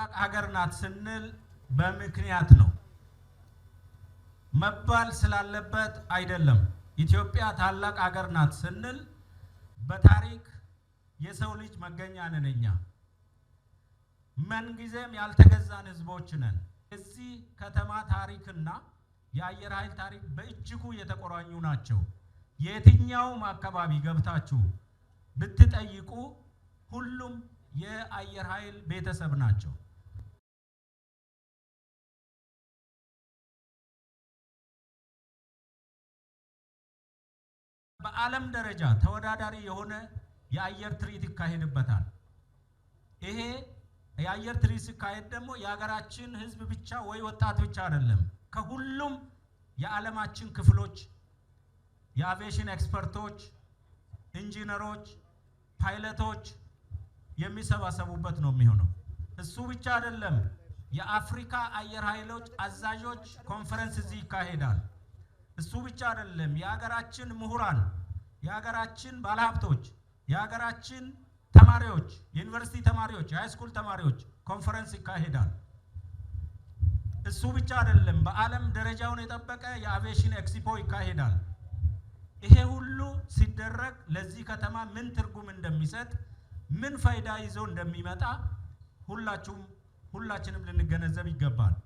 ታላቅ ሀገር ናት ስንል በምክንያት ነው መባል ስላለበት አይደለም። ኢትዮጵያ ታላቅ ሀገር ናት ስንል በታሪክ የሰው ልጅ መገኛ ነን። እኛ ምንጊዜም ያልተገዛን ህዝቦች ነን። እዚህ ከተማ ታሪክና የአየር ኃይል ታሪክ በእጅጉ የተቆራኙ ናቸው። የትኛውም አካባቢ ገብታችሁ ብትጠይቁ ሁሉም የአየር ኃይል ቤተሰብ ናቸው። በዓለም ደረጃ ተወዳዳሪ የሆነ የአየር ትርኢት ይካሄድበታል። ይሄ የአየር ትርኢት ሲካሄድ ደግሞ የሀገራችን ሕዝብ ብቻ ወይ ወጣት ብቻ አይደለም፣ ከሁሉም የዓለማችን ክፍሎች የአቪዬሽን ኤክስፐርቶች፣ ኢንጂነሮች፣ ፓይለቶች የሚሰባሰቡበት ነው የሚሆነው። እሱ ብቻ አይደለም። የአፍሪካ አየር ኃይሎች አዛዦች ኮንፈረንስ እዚህ ይካሄዳል። እሱ ብቻ አይደለም። የሀገራችን ምሁራን የሀገራችን ባለሀብቶች፣ የሀገራችን ተማሪዎች፣ የዩኒቨርሲቲ ተማሪዎች፣ የሃይስኩል ተማሪዎች ኮንፈረንስ ይካሄዳል። እሱ ብቻ አይደለም፣ በዓለም ደረጃውን የጠበቀ የአቪዬሽን ኤክስፖ ይካሄዳል። ይሄ ሁሉ ሲደረግ ለዚህ ከተማ ምን ትርጉም እንደሚሰጥ ምን ፋይዳ ይዞ እንደሚመጣ ሁላችሁም ሁላችንም ልንገነዘብ ይገባል።